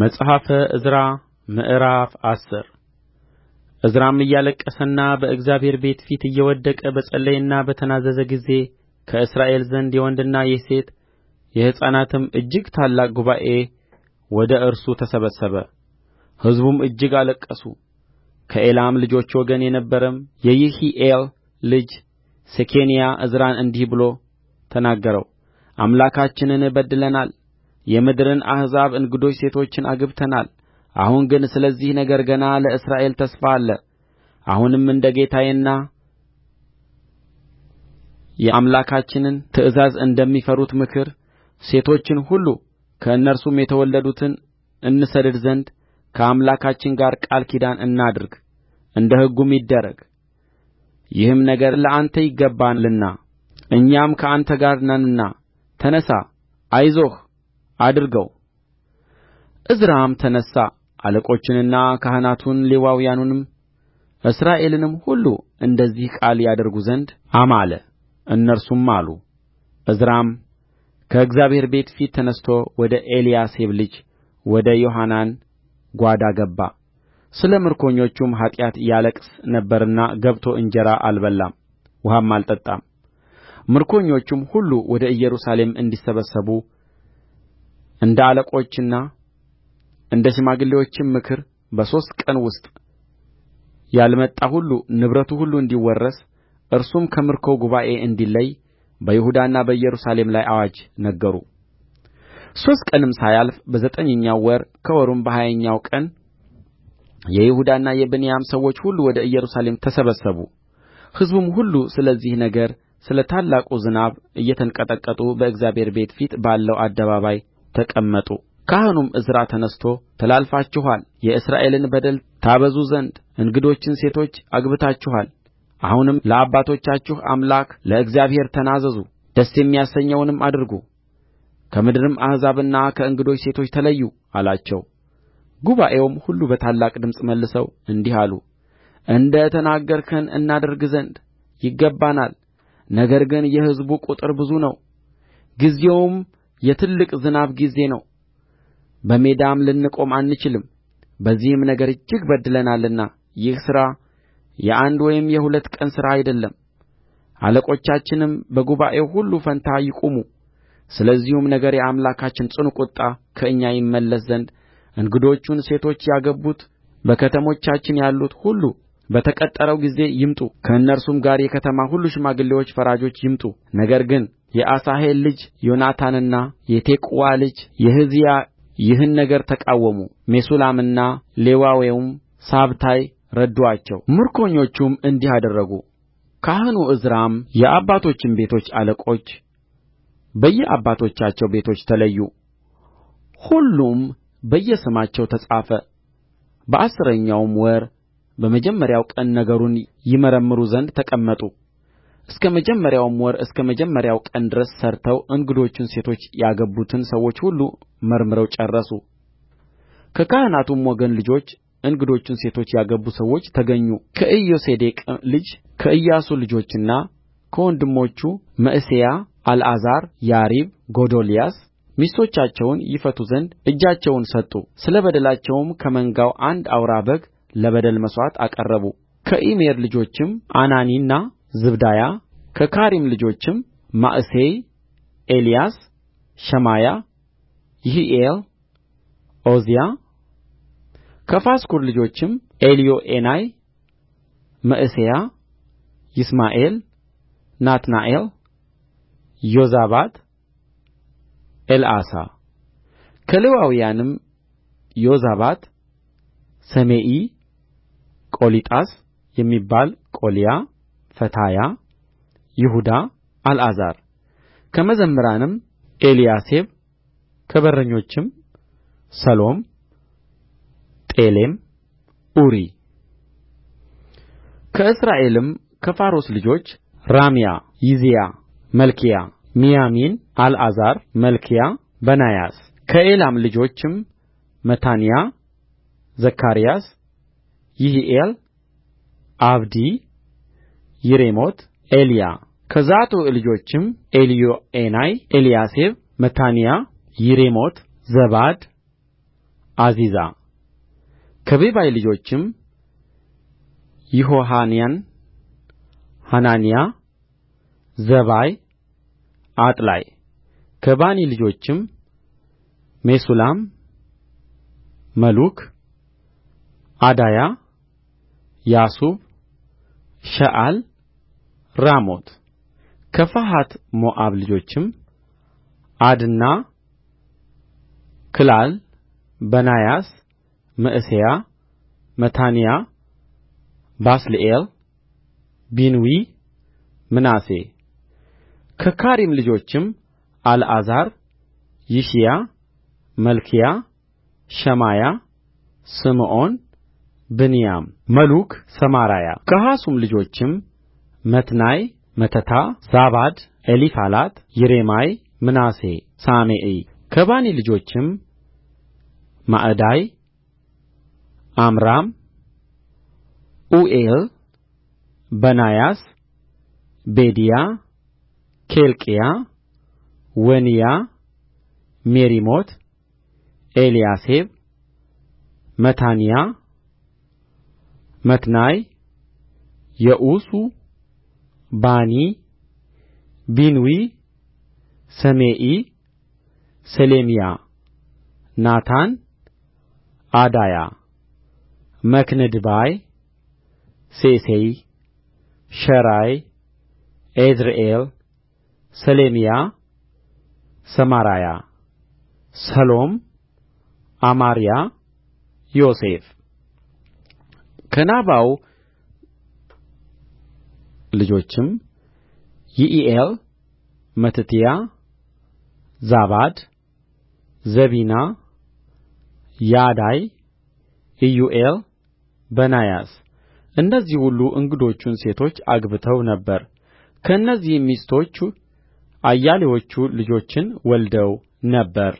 መጽሐፈ ዕዝራ ምዕራፍ አስር ዕዝራም እያለቀሰና በእግዚአብሔር ቤት ፊት እየወደቀ በጸለየና በተናዘዘ ጊዜ ከእስራኤል ዘንድ የወንድና የሴት የሕፃናትም እጅግ ታላቅ ጉባኤ ወደ እርሱ ተሰበሰበ። ሕዝቡም እጅግ አለቀሱ። ከኤላም ልጆች ወገን የነበረም የይሒኤል ልጅ ሴኬንያ ዕዝራን እንዲህ ብሎ ተናገረው። አምላካችንን በድለናል የምድርን አሕዛብ እንግዶች ሴቶችን አግብተናል አሁን ግን ስለዚህ ነገር ገና ለእስራኤል ተስፋ አለ አሁንም እንደ ጌታዬና የአምላካችንን ትእዛዝ እንደሚፈሩት ምክር ሴቶችን ሁሉ ከእነርሱም የተወለዱትን እንሰድድ ዘንድ ከአምላካችን ጋር ቃል ኪዳን እናድርግ እንደ ሕጉም ይደረግ ይህም ነገር ለአንተ ይገባልና እኛም ከአንተ ጋር ነንና ተነሣ አይዞህ አድርገው ዕዝራም ተነሣ አለቆቹንና ካህናቱን ሌዋውያኑንም እስራኤልንም ሁሉ እንደዚህ ቃል ያደርጉ ዘንድ አማለ እነርሱም ማሉ ዕዝራም ከእግዚአብሔር ቤት ፊት ተነሥቶ ወደ ኤልያሴብ ልጅ ወደ ዮሐናን ጓዳ ገባ ስለ ምርኮኞቹም ኃጢአት ያለቅስ ነበርና ገብቶ እንጀራ አልበላም ውኃም አልጠጣም ምርኮኞቹም ሁሉ ወደ ኢየሩሳሌም እንዲሰበሰቡ እንደ አለቆችና እንደ ሽማግሌዎችም ምክር በሦስት ቀን ውስጥ ያልመጣ ሁሉ ንብረቱ ሁሉ እንዲወረስ እርሱም ከምርኮው ጉባኤ እንዲለይ በይሁዳና በኢየሩሳሌም ላይ አዋጅ ነገሩ። ሦስት ቀንም ሳያልፍ በዘጠኝኛው ወር ከወሩም በሀያኛው ቀን የይሁዳና የብንያም ሰዎች ሁሉ ወደ ኢየሩሳሌም ተሰበሰቡ። ሕዝቡም ሁሉ ስለዚህ ነገር ስለ ታላቁ ዝናብ እየተንቀጠቀጡ በእግዚአብሔር ቤት ፊት ባለው አደባባይ ተቀመጡ ካህኑም ዕዝራ ተነሥቶ ተላልፋችኋል የእስራኤልን በደል ታበዙ ዘንድ እንግዶችን ሴቶች አግብታችኋል አሁንም ለአባቶቻችሁ አምላክ ለእግዚአብሔር ተናዘዙ ደስ የሚያሰኘውንም አድርጉ ከምድርም አሕዛብና ከእንግዶች ሴቶች ተለዩ አላቸው ጉባኤውም ሁሉ በታላቅ ድምፅ መልሰው እንዲህ አሉ እንደ ተናገርኸን እናደርግ ዘንድ ይገባናል ነገር ግን የሕዝቡ ቍጥር ብዙ ነው ጊዜውም የትልቅ ዝናብ ጊዜ ነው በሜዳም ልንቆም አንችልም በዚህም ነገር እጅግ በድለናልና ይህ ሥራ የአንድ ወይም የሁለት ቀን ሥራ አይደለም አለቆቻችንም በጉባኤው ሁሉ ፋንታ ይቁሙ ስለዚህም ነገር የአምላካችን ጽኑ ቍጣ ከእኛ ይመለስ ዘንድ እንግዶቹን ሴቶች ያገቡት በከተሞቻችን ያሉት ሁሉ በተቀጠረው ጊዜ ይምጡ ከእነርሱም ጋር የከተማ ሁሉ ሽማግሌዎች ፈራጆች ይምጡ ነገር ግን የአሣሄል ልጅ ዮናታንና የቴቁዋ ልጅ የሕዝያ ይህን ነገር ተቃወሙ ሜሱላምና ሌዋዊውም ሳብታይ ረዱአቸው ምርኮኞቹም እንዲህ አደረጉ ካህኑ ዕዝራም የአባቶችም ቤቶች አለቆች በየአባቶቻቸው ቤቶች ተለዩ ሁሉም በየስማቸው ተጻፈ በአሥረኛውም ወር በመጀመሪያው ቀን ነገሩን ይመረምሩ ዘንድ ተቀመጡ እስከ መጀመሪያውም ወር እስከ መጀመሪያው ቀን ድረስ ሠርተው እንግዶቹን ሴቶች ያገቡትን ሰዎች ሁሉ መርምረው ጨረሱ ከካህናቱም ወገን ልጆች እንግዶቹን ሴቶች ያገቡ ሰዎች ተገኙ ከኢዮሴዴቅ ልጅ ከኢያሱ ልጆችና ከወንድሞቹ መዕሤያ አልዓዛር ያሪብ ጎዶልያስ ሚስቶቻቸውን ይፈቱ ዘንድ እጃቸውን ሰጡ ስለ በደላቸውም ከመንጋው አንድ አውራ በግ ለበደል መሥዋዕት አቀረቡ ከኢሜር ልጆችም አናኒና ዝባድያ ከካሪም ልጆችም መዕሤይ ኤልያስ ሸማያ ይሒኤል ዖዝያ ከፋስኩር ልጆችም ኤልዮዔናይ መዕሤያ ይስማኤል ናትናኤል ዮዛባት ኤልዓሣ ከሌዋውያንም ዮዛባት ሰሜኢ ቆሊጣስ የሚባል ቆልያ ፈታያ ይሁዳ አልዓዛር ከመዘምራንም ኤልያሴብ ከበረኞችም ሰሎም ጤሌም ኡሪ ከእስራኤልም ከፋሮስ ልጆች ራምያ ይዝያ መልክያ ሚያሚን አልዓዛር መልክያ በናያስ ከኤላም ልጆችም መታንያ ዘካርያስ ይሒኤል አብዲ ይሬሞት ኤልያ ከዛቱዕ ልጆችም ኤልዮዔናይ ኤልያሴብ መታንያ ይሬሞት ዛባድ ዓዚዛ ከቤባይ ልጆችም ይሆሐናን ሐናንያ ዘባይ አጥላይ ከባኒ ልጆችም ሜሱላም መሉክ ዓዳያ ያሱብ ሸዓል ራሞት ከፈሐት ሞዓብ ልጆችም ዓድና ክላል በናያስ መዕሤያ መታንያ ባስልኤል ቢንዊ ምናሴ ከካሪም ልጆችም አልዓዛር ይሽያ መልክያ ሸማያ ስምዖን ብንያም መሉክ ሰማራያ ከሐሱም ልጆችም መትናይ መተታ ዛባድ ኤሊፋላት ይሬማይ ምናሴ ሳሜኢ ከባኒ ልጆችም ማዕዳይ ዓምራም ኡኤል በናያስ ቤድያ ኬልቅያ ወንያ ሜሪሞት ኤልያሴብ መታንያ መትናይ የዕሡ ባኒ ቢንዊ ሰሜኢ ሰሌምያ ናታን ዓዳያ መክነድባይ ሴሴይ ሸራይ ኤዝርኤል ሰሌምያ ሰማራያ ሰሎም አማርያ ዮሴፍ ከናባው ልጆችም ይዒኤል መቲትያ ዛባድ ዘቢና ያዳይ ኢዩኤል በናያስ እነዚህ ሁሉ እንግዶቹን ሴቶች አግብተው ነበር ከእነዚህም ሚስቶቹ አያሌዎቹ ልጆችን ወልደው ነበር